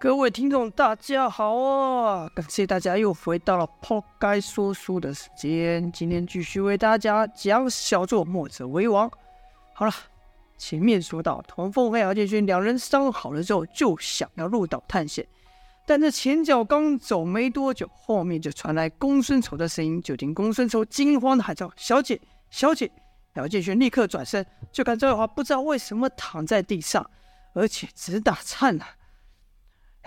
各位聽眾，大家好啊！感謝大家又回到了拋開說書的時間。今天繼續為大家講《小作墨者為王》。好了，前面說到，童鳳和姚建勳兩人傷好了之後，就想要入島探險。但這前腳剛走沒多久，後面就傳來公孫仇的聲音，就聽公孫仇驚慌的喊叫：“小姐，小姐！”姚建勳立刻轉身，就看周偉華不知道為什麼躺在地上，而且直打顫吶。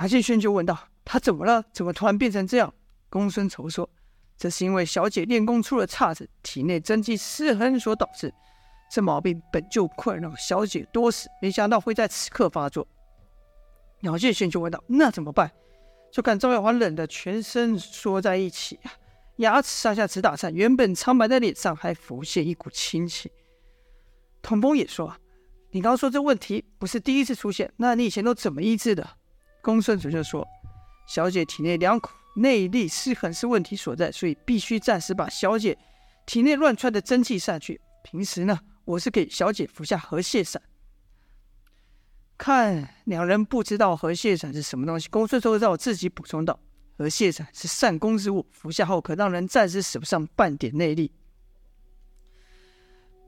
楊敬軒就問道：“他怎麼了？怎麼突然變成這樣？”公孫仇說：“這是因為小姐練功出了岔子，體內真氣失衡所導致。這毛病本就困擾小姐多時，沒想到會在此刻發作。”楊敬軒就問道：“那怎麼辦？”就看趙耀華冷得全身縮在一起，牙齒上下直打顫，原本蒼白的臉上還浮現一股清氣。童風也說：“你剛說這問題不是第一次出現，那你以前都怎麼醫治的？”公孫止就說：“小姐體內兩股，內力失衡是問題所在，所以必須暫時把小姐體內亂竄的真氣散去。平時呢，我是給小姐服下河蟹散。看兩人不知道河蟹散是什麼東西，公孫止在自己補充道：河蟹散是散功之物，服下後可讓人暫時使不上半點內力。”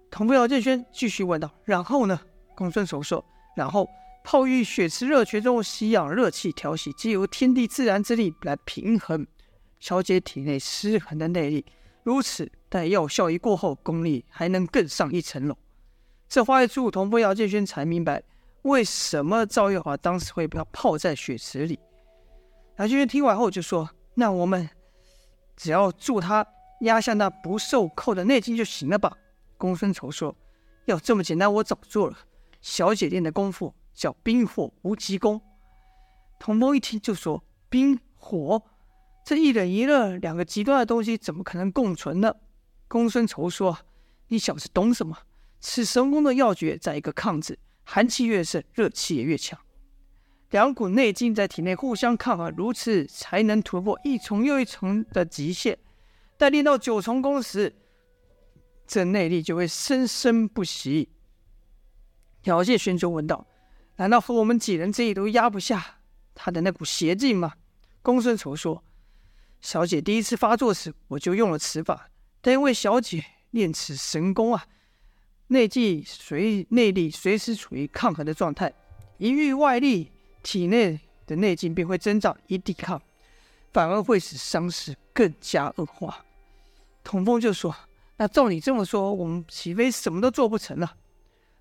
童副藥鄭軒繼續問道：“然後呢？”公孫止說：“然後。”泡浴血池熱泉中吸氧熱氣調息，藉由天地自然之力來平衡、調節體內失衡的內力。如此，待藥效一過後，功力還能更上一層樓。這話一出，五，童夫人姚建軒才明白為什麼趙月華當時會被泡在血池裡。姚建軒聽完後就說：“那我們只要助他壓下那不受控的內勁就行了吧？”公孫仇說：“要這麼簡單，我早做了。小姐練的功夫。”叫冰火無極功，童蒙一聽就說：“冰火，這一冷一熱兩個極端的東西，怎麼可能共存呢？”公孫仇說：“你小子懂什麼？此神功的要訣在一個‘抗’字，寒氣越盛，熱氣也越強，兩股內勁在體內互相抗衡、啊，如此才能突破一重又一重的極限。待練到九重功時，這內力就會生生不息。”姚建軒就問道。難道和我們幾人之力都壓不下他的那股邪勁嗎？公孫仇說：“小姐第一次發作時，我就用了此法，但因為小姐練此神功啊，內勁隨內力隨時處於抗衡的狀態，一遇外力，體內的內勁便會增長以抵抗，反而會使傷勢更加惡化。”童風就說：“那照你這麼說，我們豈非什麼都做不成了？”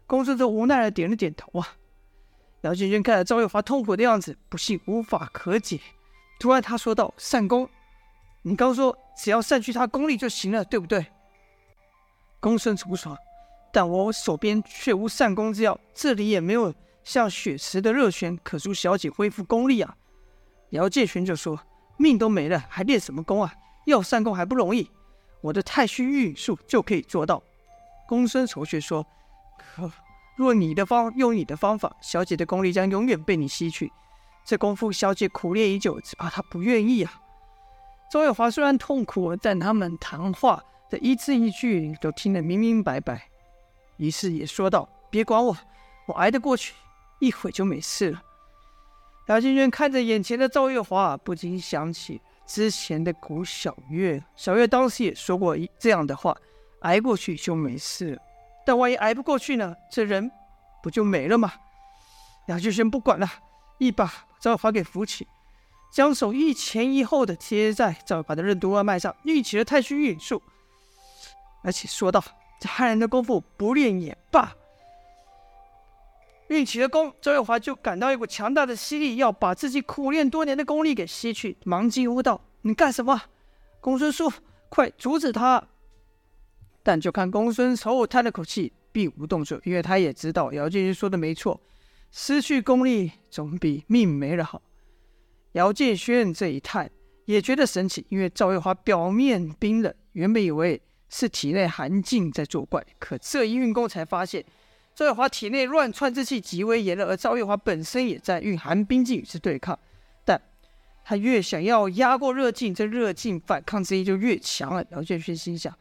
公孫仇無奈的點了點頭啊。姚建群看着趙有發痛苦的樣子，不信無法可解。突然，他說道：“散功，你剛說只要散去他功力就行了，對不對？”公孫楚說：“但我手邊卻無散功之藥，這裡也沒有像雪池的熱泉可助小姐恢復功力啊。”姚建群就說：“命都沒了，還練什麼功啊？要散功還不容易，我的太虛御影術就可以做到。”公孫楚卻說：“可……”若你的方，用你的方法，小姐的功力將永遠被你吸取。這功夫，小姐苦練已久，只怕她不願意啊。周月華雖然痛苦，但他們談話的一字一句都聽得明明白白。於是也說道：“別管我，我挨得過去，一會就沒事了。”楊靖軒看着眼前的趙月華，不禁想起之前的古小月。小月當時也說過這樣的話：“挨過去就沒事了。”但萬一挨不過去呢？這人不就沒了嗎？倆就先不管了，一把把周玉華給扶起，將手一前一後的貼在周玉華的任督二脈上，運起了太虛禦影術，而且說道：“這漢人的功夫不練也罷。”運起了功，周玉華就感到一股強大的吸力要把自己苦練多年的功力給吸去，忙驚呼道：“你幹什麼？公孫叔，快阻止他！”但就看公孫丑，我嘆了口氣，並無動作，因為他也知道姚建軒說的沒錯，失去功力總比命沒了好。姚建軒這一嘆也覺得神奇，因為趙月華表面冰冷，原本以為是體內寒勁在作怪，可這一運功才發現，趙月華體內亂竄之氣極為炎熱，而趙月華本身也在運寒冰勁與之對抗，但他越想要壓過熱勁，這熱勁反抗之意就越強了。姚建軒心想。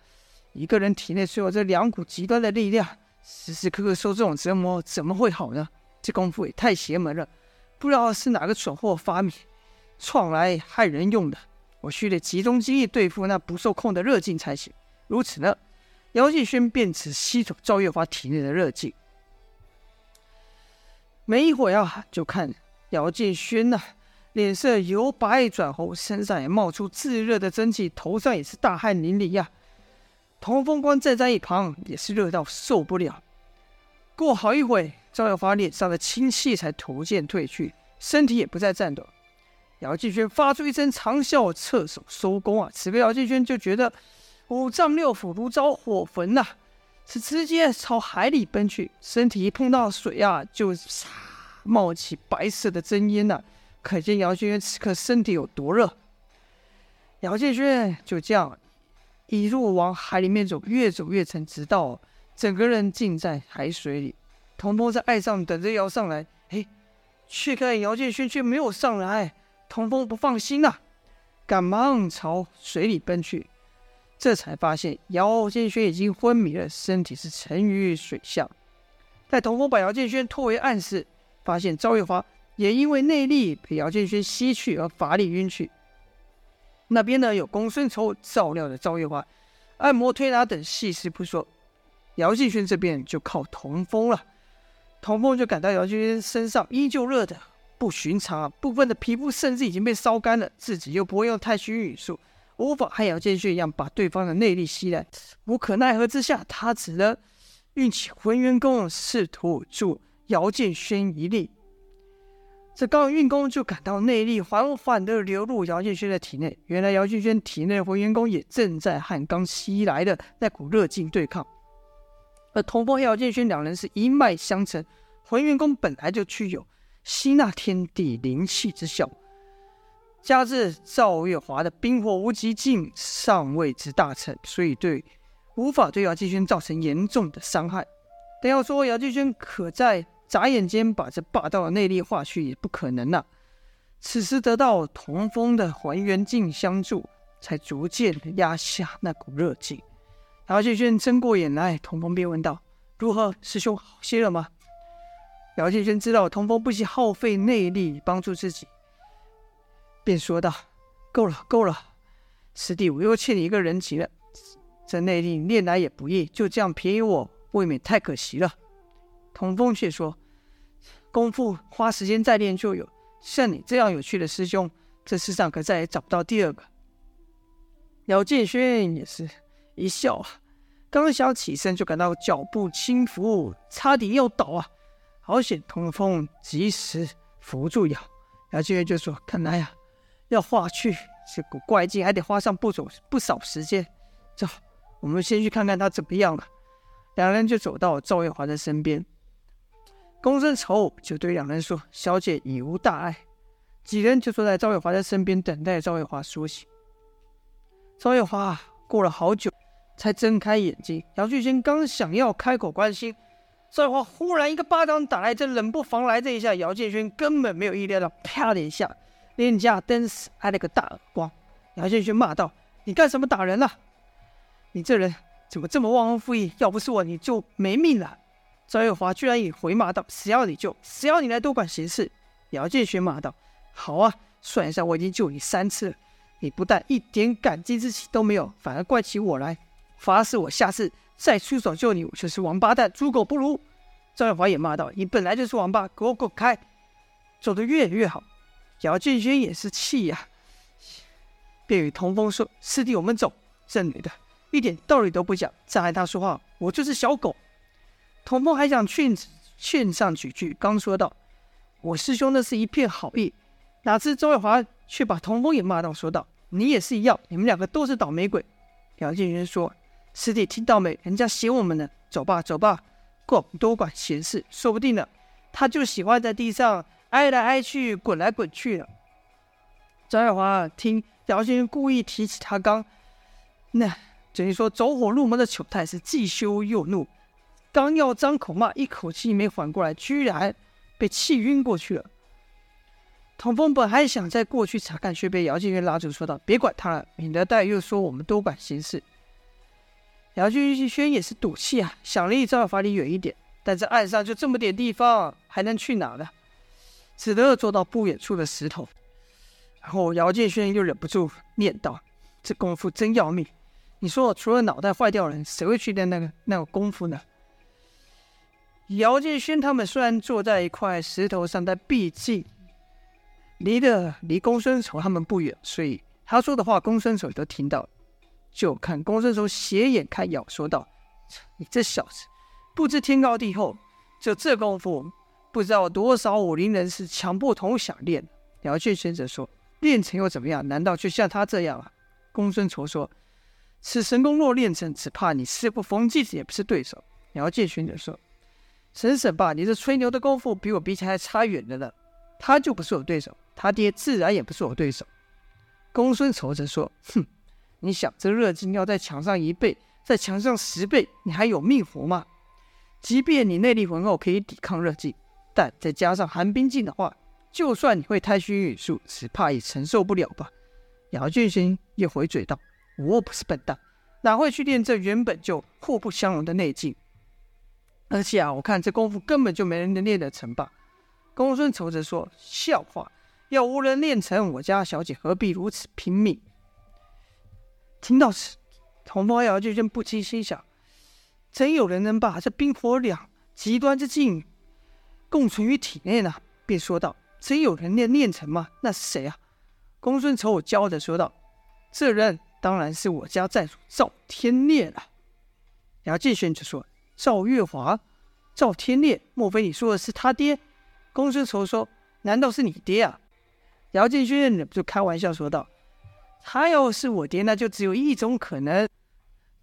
一個人體內存有這兩股極端的力量，時時刻刻受這種折磨，怎麼會好呢？這功夫也太邪門了，不知道是哪個蠢貨發明，創來害人用的。我須得集中精力對付那不受控的熱勁才行。如此呢，姚建軒便只吸走趙月發體內的熱勁。沒一會兒啊，就看姚建軒吶、啊，臉色由白轉紅，身上也冒出炙熱的蒸汽，頭上也是大汗淋漓呀、啊。童風光站在一旁，也是熱到受不了。過好一會，趙耀發臉上的青氣才逐漸褪去，身體也不再顫抖。姚敬軒發出一聲長嘯，側手收功啊！此刻姚敬軒就覺得五臟六腑如遭火焚吶、啊，是直接朝海裡奔去。身體一碰到水啊，就冒起白色的蒸煙吶、啊，可見姚敬軒此刻身體有多熱。姚敬軒就這樣。一路往海裡面走，越走越沉，直到整個人浸在海水裡。童風在岸上等着姚上來，嘿、欸，卻看姚建軒卻沒有上來。童風不放心吶、啊，趕忙朝水裡奔去，這才發現姚建軒已經昏迷了，身體是沉於水下。待童風把姚建軒拖回岸時，發現趙月華也因為內力被姚建軒吸去而乏力暈去。那邊呢，有公孫丑照料著趙月華，按摩推拿等細事不說，姚建軒這邊就靠童風了。童風就感到姚建軒身上依舊熱的不尋常，部分的皮膚甚至已經被燒乾了。自己又不會用太虛運術，無法和姚建軒一樣把對方的內力吸來。無可奈何之下，他只能運起渾元功，試圖助姚建軒一力。這剛運功，就感到內力緩緩地流入姚建軒的體內。原來姚建軒體內的混元功也正在和剛吸來的那股熱勁對抗。而同峰和姚建軒兩人是一脈相承，混元功本來就具有吸納天地靈氣之效，加之趙月華的冰火無極勁尚未之大成，所以對無法對姚建軒造成嚴重的傷害。但要說姚建軒可在。眨眼間把這霸道的內力化去也不可能了。此時得到童風的還原鏡相助，才逐漸壓下那股熱勁。姚勁軒睜過眼來，童風便問道：“如何，師兄好些了嗎？”姚勁軒知道童風不惜耗費內力幫助自己，便說道：“夠了，夠了，師弟，我又欠你一個人情了。這內力練來也不易，就這樣便宜我，未免太可惜了。”童風卻說：“功夫花時間再練就有，像你這樣有趣的師兄，這世上可再也找不到第二個。”姚建勳也是一笑啊，剛想起身，就感到腳步輕浮，差點要倒啊！好險，童風及時扶住腰，姚建軒就說：“看來呀，要化去這股怪勁，還得花上不少不少時間。走，我們先去看看他怎麼樣了。”兩人就走到趙月華的身邊。公孫仇就對兩人說：“小姐已無大礙。”幾人就坐在趙月華的身邊等待趙月華甦醒。趙月華過了好久才睜開眼睛。姚俊軒剛想要開口關心，趙月華忽然一個巴掌打來，這冷不防來這一下，姚建勳根本沒有意料到，啪的一下，臉頰登時挨了個大耳光。姚建勳罵道：“你幹什麼打人啊？你這人怎麼這麼忘恩負義？要不是我，你就沒命了。”趙有華居然也回罵道：“誰要你救，誰要你來多管閒事。”姚建勳罵道：“好啊，算一下，我已經救你三次了。你不但一點感激之情都沒有，反而怪起我來，發誓我下次再出手救你我就是王八蛋，豬狗不如。”趙有華也罵道：“你本來就是王八，給我滾開！”走得越遠越好。姚建勳也是氣呀、啊，便與童風說：“師弟，我們走。”這女的，一點道理都不講，再和她說話，我就是小狗。童風還想勸勸上幾句，剛說道：“我師兄那是一片好意。”哪知周衛華卻把童風也罵到，說道：“你也是一樣，你們兩個都是倒霉鬼。”姚建勳說：“師弟聽到沒？人家嫌我們呢。”走吧，走吧，過，多管閒事，說不定呢。他就喜歡在地上挨來挨去，滾來滾去的。周衛華聽姚建勳故意提起他剛那等於說走火入魔的糗態，是既羞又怒。剛要張口罵，一口氣沒緩過來，居然被氣暈過去了。童峰本還想再過去查看，卻被姚勁玉拉住，說道：“別管他了，免得黛玉又說我們多管閒事。”姚勁軒也是賭氣啊，想離趙法力遠一點，但這岸上就這麼點地方，還能去哪呢？只得坐到不遠處的石頭。然後姚建軒又忍不住念叨：“這功夫真要命，你說我除了腦袋壞掉人，誰會去練那個那個功夫呢？”姚建勳他們雖然坐在一塊石頭上，但畢竟離得離公孫丑他們不遠，所以他說的話，公孫丑都聽到了。就看公孫丑斜眼看姚，說道：“你這小子不知天高地厚，就這功夫，不知道多少武林人士強迫同想練。”姚建勳則說：“練成又怎麼樣？難道就像他這樣啊？”公孫丑說：“此神功若練成，只怕你師傅馮繼子也不是對手。”姚建勳則說。省省吧，你這吹牛的功夫比我比起來還差遠了呢。他就不是我對手，他爹自然也不是我對手。公孫瞅着說：“哼，你想這熱勁要再強上一倍，再強上十倍，你還有命活嗎？即便你內力渾厚可以抵抗熱勁，但再加上寒冰勁的話，就算你會太虛玉術，只怕也承受不了吧。”姚俊星也回嘴道：“我不是笨蛋，哪會去練這原本就互不相容的內勁？”而且啊，我看這功夫根本就沒人能練得成吧？公孫仇則說：“笑話，要無人練成，我家小姐何必如此拼命？”聽到此，紅袍瑤姬不禁心想：“真有人能把這冰火兩極端之境，共存於體內呢？”便說道：“真有人練練成嗎？那是誰啊？”公孫仇驕傲着說道：“這人當然是我家寨主趙天烈了，啊。”然後姬軒就說。趙月華，趙天烈，莫非你說的是他爹？公孫仇說：“難道是你爹啊？”姚建勳忍不住開玩笑說道：“他要是我爹，那就只有一種可能。”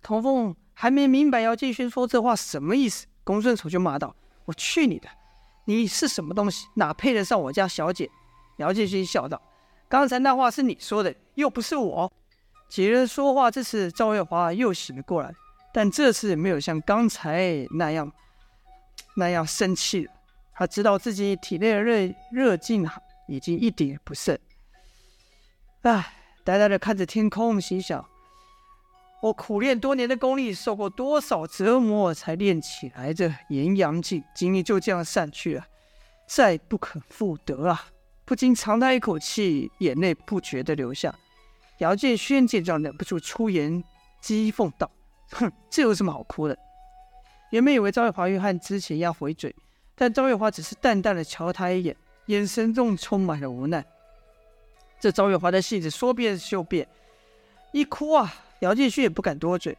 童鳳還沒明白姚建勳說這話什麼意思，公孫仇就罵道：“我去你的！你是什麼東西，哪配得上我家小姐？”姚建勳笑道：“剛才那話是你說的，又不是我。”幾人說話，這時趙月華又醒了過來。但這次也沒有像剛才那樣那樣生氣了。他知道自己體內的熱熱勁已經一點不剩。唉，呆呆的看着天空，心想：我苦練多年的功力，受過多少折磨才練起來的炎陽勁，今日就這樣散去了，再不可復得啊！不禁長嘆一口氣，眼淚不覺地流下。姚建軒見狀，忍不住出，出言譏諷道。哼，這有什麼好哭的？原本以為趙月華約翰之前要回嘴，但趙月華只是淡淡的瞧了他一眼，眼神中充滿了無奈。這趙月華的性子說變就變，一哭啊，姚建勳也不敢多嘴。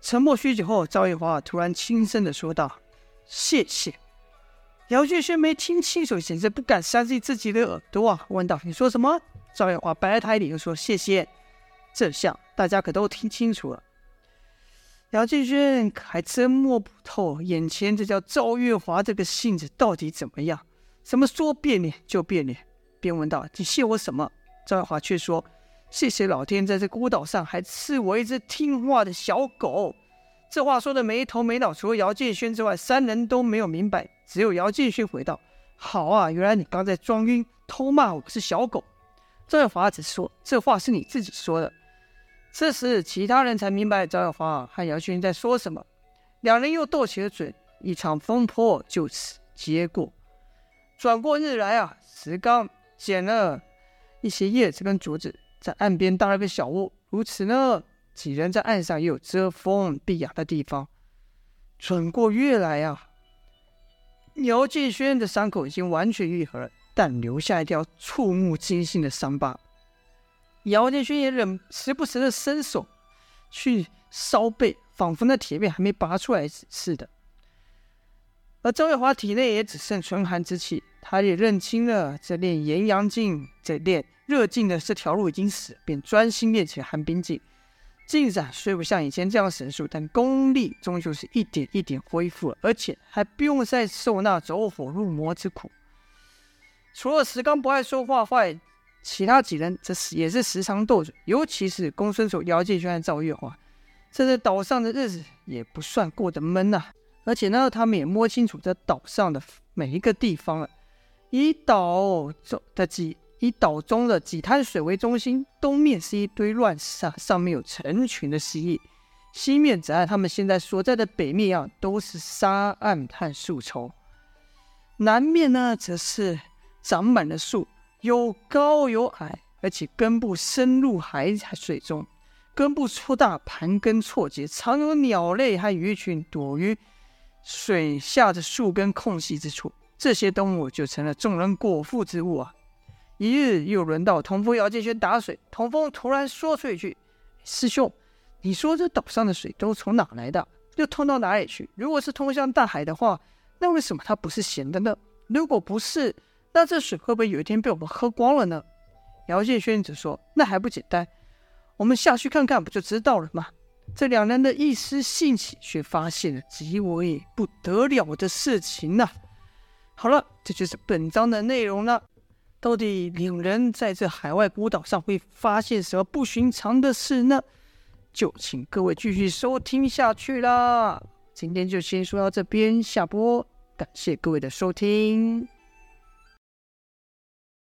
沉默許久後，趙月華突然輕聲的說道：“謝謝。”姚建勳沒聽清楚，簡直不敢相信自，自己的耳朵啊，問道：“你說什麼？”趙月華白了他一臉又說：“謝謝。”這下大家可都聽清楚了。姚勁軒可還真摸不透眼前這叫趙月華這個性子到底怎麼樣，什麼說變臉就變臉，便問道：“你謝我什麼？”趙月華卻說：“謝謝老天在這孤島上還賜我一隻聽話的小狗。”這話說的沒頭沒腦，除了姚勁軒之外，三人都沒有明白。只有姚勁軒回道：“好啊，原來你剛在裝暈，偷罵我是小狗。”趙月華只說：“這話是你自己說的。”這時，其他人才明白趙耀華和姚建軒在說什麼。兩人又鬥起了嘴，一場風波就此揭過。轉過日來啊，石剛撿了一些葉子跟竹子，在岸邊搭了個小屋。如此呢，幾人在岸上又有遮風避雨的地方。轉過月來啊，姚建軒的傷口已經完全愈合了，但留下一條觸目驚心的傷疤。姚建勳也忍，時不時的伸手去燒背，仿佛那鐵背還沒拔出來似的。而周月華體內也只剩純寒之氣，他也認清了這練炎陽勁、這練熱勁的這條路已經死，便專心練起了寒冰勁。勁子雖不像以前這樣神速，但功力終究是一點一點恢復，而且還不用再受那走火入魔之苦。除了石剛不愛說話外，話其他幾人則是也是時常鬥嘴，尤其是公孫守、姚繼宣、趙月華，這在島上的日子也不算過得悶吶、啊。而且呢，他們也摸清楚這島上的每一個地方了。以島中的幾以島中的幾灘水為中心，東面是一堆亂石，上面有成群的蜥蜴；西面則按他們現在所在的北面一、啊、樣，都是沙岸和樹叢；南面呢，則是長滿了樹。有高有矮，而且根部深入海水中，根部粗大，盤根錯節，常有鳥類和魚群躲於水下的樹根空隙之處。這些動物就成了眾人果腹之物啊！一日又輪到童風姚劍軒打水，童風突然說出一句：“師兄，你說這島上的水都從哪來的？又通到哪裡去？如果是通向大海的話，那為什麼它不是鹹的呢？如果不是？”那這水會不會有一天被我們喝光了呢？姚建軒則說：“那還不簡單，我們下去看看不就知道了嗎？”這兩人的一絲興趣卻發現了極為不得了的事情呢、啊。好了，這就是本章的內容了。到底兩人在這海外孤島上會發現什麼不尋常的事呢？就請各位繼續收聽下去啦。今天就先說到這邊，下播，感謝各位的收聽。